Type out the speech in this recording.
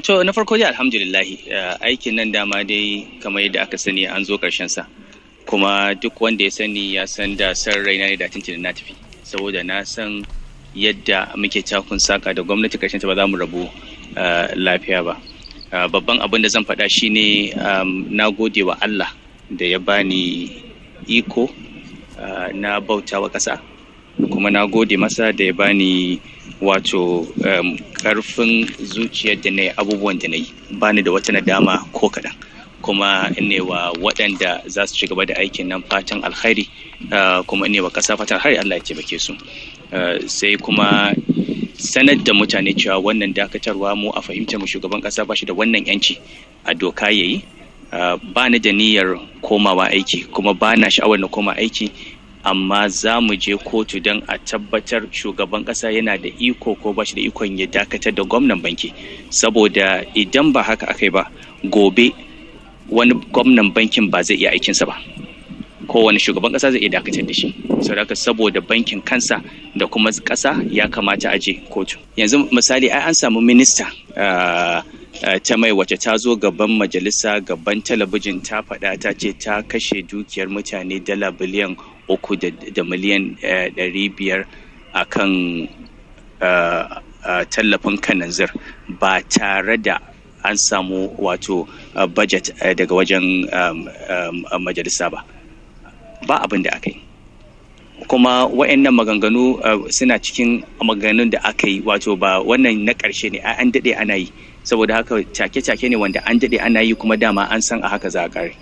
to na farko dai alhamdulillahi eh, aikin nan dama dai kamar yadda aka sani an zo karshen sa kuma duk wanda ya sani ya san da san raina ne da tintin na tafi saboda na san yadda muke takun saka da gwamnati karshen ta ba za mu rabu eh, lafiya ba eh, babban abin da zan faɗa shine um, na gode wa Allah da ya bani iko na bautawa kasa ƙasa kuma na gode masa da ya bani wato karfin um, zuciyar da na yi abubuwan da na yi ba ni da wata nadama ko kaɗan kuma ne waɗanda za su ci gaba da aikin nan fatan alhari uh, kuma ne wa ƙasa fatan alkhairi Allah ya taimake su uh, sai kuma sanar da mutane cewa wannan dakatarwa mu a fahimtar mu shugaban ƙasa ba shi da wannan yanci a doka yayi uh, ba ni da niyyar komawa aiki kuma ba na sha'awar na koma aiki amma za mu je kotu don a tabbatar shugaban kasa yana da iko ko ba shi da ikon ya dakatar da gwamnan banki saboda idan ba haka aka yi ba gobe wani gwamnan bankin ba zai iya aikinsa ba kowane shugaban kasa zai iya dakatar da shi saboda saboda bankin kansa da kuma kasa ya kamata a je kotu yanzu misali ai an samu minista ah, ah, ta mai wace ta zo gaban majalisa gaban talabijin ta faɗa ta ce ta kashe dukiyar mutane dala biliyan uku da miliyan eh, ɗari biyar a kan eh, eh, tallafin kananzir ba tare da an samu wato budget daga wajen um, um, majalisa ba ba abin da aka yi kuma wa'annan maganganu suna cikin maganganun da aka yi wato ba wannan na ƙarshe ne an daɗe ana yi saboda haka take-take ne wanda an daɗe ana yi kuma dama an san a haka za a ƙare